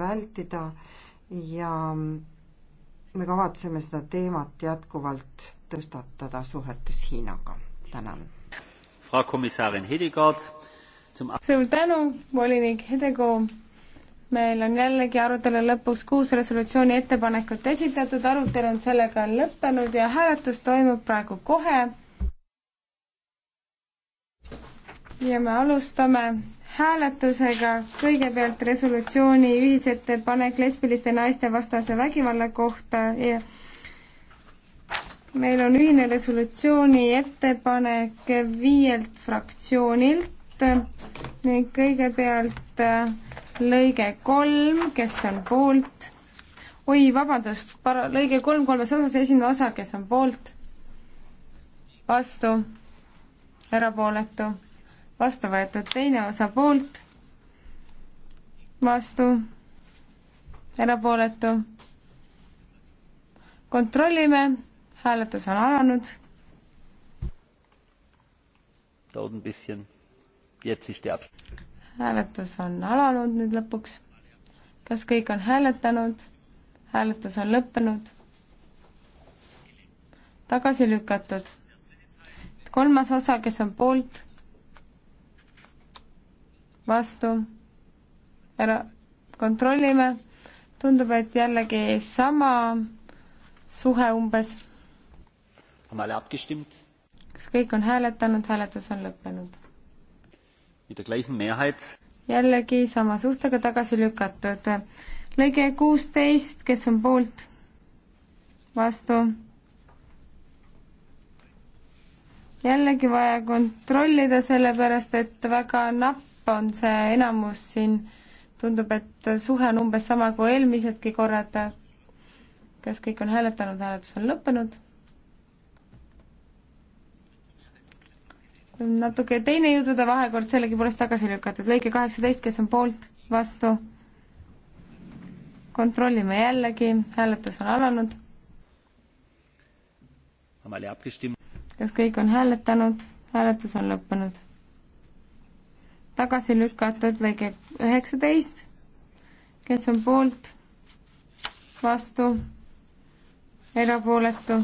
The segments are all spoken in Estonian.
vältida ja me kavatseme seda teemat jätkuvalt tõstatada suhetes Hiinaga. tänan. suur tänu, volinik Hedego. meil on jällegi arutelu lõpuks kuus resolutsiooni ettepanekut esitatud, arutelu on sellega lõppenud ja hääletus toimub praegu kohe. ja me alustame hääletusega kõigepealt resolutsiooni ühisettepanek lesbiliste naiste vastase vägivalla kohta ja meil on ühine resolutsiooni ettepanek viielt fraktsioonilt ning kõigepealt äh, lõige kolm, kes on poolt. oi, vabandust, lõige kolm kolmes osas, esimene osa, kes on poolt, vastu, erapooletu vastu võetud, teine osa poolt, vastu, erapooletu. kontrollime, hääletus on alanud. hääletus on alanud nüüd lõpuks. kas kõik on hääletanud? hääletus on lõppenud. tagasi lükatud. kolmas osa, kes on poolt vastu, ära, kontrollime, tundub, et jällegi sama suhe umbes. kas kõik on hääletanud, hääletus on lõppenud? jällegi sama suhtega tagasi lükatud. lõige kuusteist, kes on poolt? vastu? jällegi vaja kontrollida, sellepärast et väga napp on see enamus siin, tundub, et suhe on umbes sama kui eelmisedki korrad. kas kõik on hääletanud, hääletus on lõppenud? natuke teine jõudude vahekord sellegipoolest tagasi lükatud, lõike kaheksateist, kes on poolt, vastu? kontrollime jällegi, hääletus on alanud. kas kõik on hääletanud, hääletus on lõppenud tagasi lükatud lõige üheksateist, kes on poolt, vastu, erapooletu.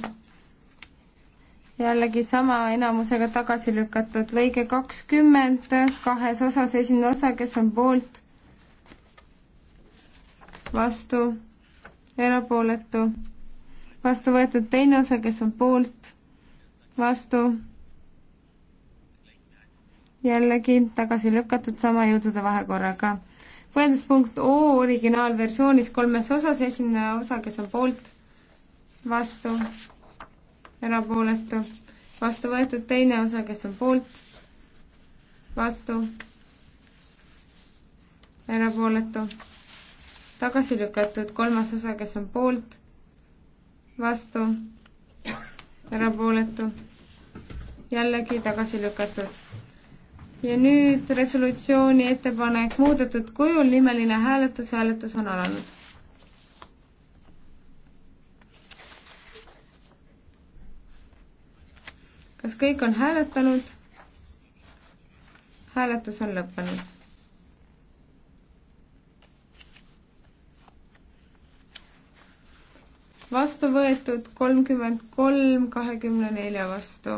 jällegi sama enamusega tagasi lükatud lõige kakskümmend kahes osas, esimene osa, kes on poolt, vastu, erapooletu, vastu võetud teine osa, kes on poolt, vastu jällegi tagasi lükatud sama jõudude vahekorraga. põhjenduspunkt O originaalversioonis kolmes osas, esimene osa, kes on poolt, vastu, erapooletu, vastu võetud teine osa, kes on poolt, vastu, erapooletu, tagasi lükatud kolmas osa, kes on poolt, vastu, erapooletu, jällegi tagasi lükatud ja nüüd resolutsiooni ettepanek muudetud kujul, nimeline hääletus, hääletus on alanud. kas kõik on hääletanud? hääletus on lõppenud. vastu võetud kolmkümmend kolm kahekümne nelja vastu.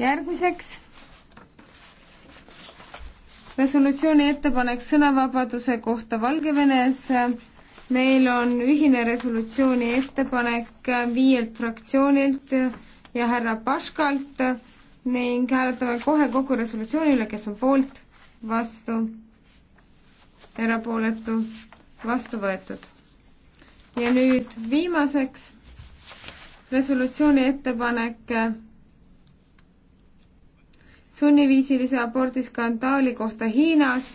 järgmiseks resolutsiooni ettepanek sõnavabaduse kohta Valgevenes. meil on ühine resolutsiooni ettepanek viielt fraktsioonilt ja härra Paškalt ning hääletame kohe kogu resolutsiooni üle, kes on poolt, vastu, erapooletu, vastu võetud. ja nüüd viimaseks resolutsiooni ettepanek sunniviisilise abordi skandaali kohta Hiinas.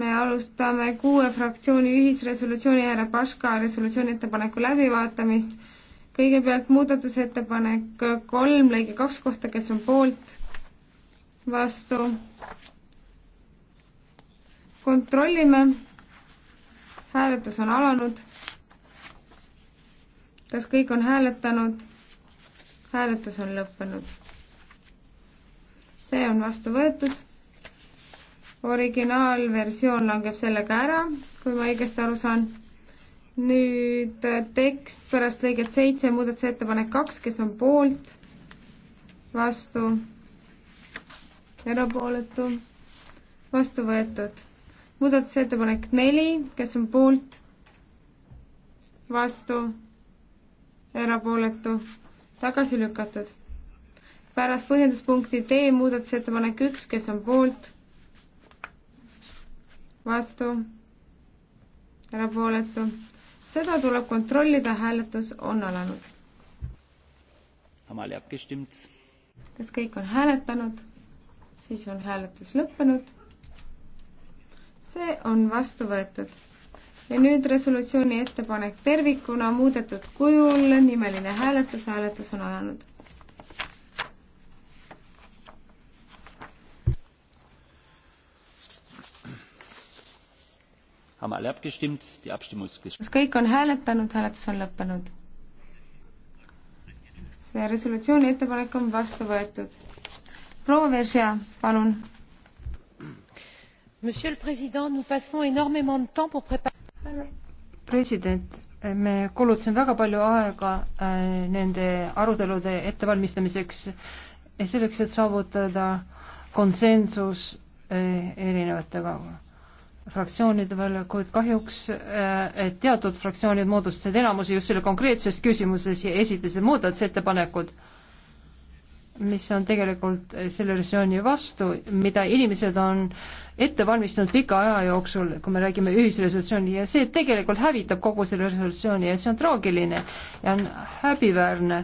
me alustame kuue fraktsiooni ühisresolutsiooni härra Paška resolutsiooni ettepaneku läbivaatamist. kõigepealt muudatusettepanek kolm lõige kaks kohta, kes on poolt, vastu. kontrollime. hääletus on alanud. kas kõik on hääletanud? hääletus on lõppenud see on vastu võetud. originaalversioon langeb sellega ära, kui ma õigesti aru saan. nüüd äh, tekst pärast lõiget seitse, muudatusettepanek kaks, kes on poolt, vastu, erapooletu, vastu võetud. muudatusettepanek neli, kes on poolt, vastu, erapooletu, tagasi lükatud pärast põhjenduspunkti D muudatusettepanek üks, kes on poolt, vastu, erapooletu. seda tuleb kontrollida, hääletus on alanud. kas kõik on hääletanud? siis on hääletus lõppenud. see on vastu võetud. ja nüüd resolutsiooni ettepanek tervikuna muudetud kujul, nimeline hääletus, hääletus on alanud kas kõik on hääletanud, hääletus on lõppenud? see resolutsiooni ettepanek on vastu võetud. proua Veržia, palun. president, me kulutasime väga palju aega äh, nende arutelude ettevalmistamiseks ja selleks, et saavutada konsensus äh, erinevate kavadega fraktsioonide peale, kuid kahjuks äh, teatud fraktsioonid moodustasid enamuse just selle konkreetses küsimuses ja esitasid muudatusettepanekud, mis on tegelikult selle versiooni vastu, mida inimesed on ette valmistanud pika aja jooksul, kui me räägime ühisresolutsiooni ja see tegelikult hävitab kogu selle resolutsiooni ja see on traagiline ja on häbiväärne,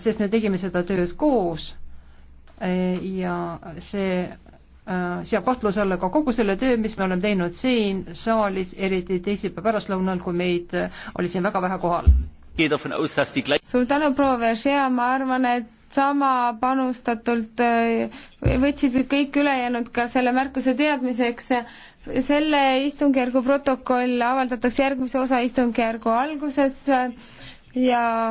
sest me tegime seda tööd koos äh, ja see Äh, seab kahtluse alla ka kogu selle töö, mis me oleme teinud siin saalis, eriti teisipäeva pärastlõunal, kui meid äh, oli siin väga vähe kohal. suur tänu, proua Veržea, ma arvan, et sama panustatult äh, võtsid kõik ülejäänud ka selle märkuse teadmiseks. selle istungjärgu protokoll avaldatakse järgmise osa istungjärgu alguses ja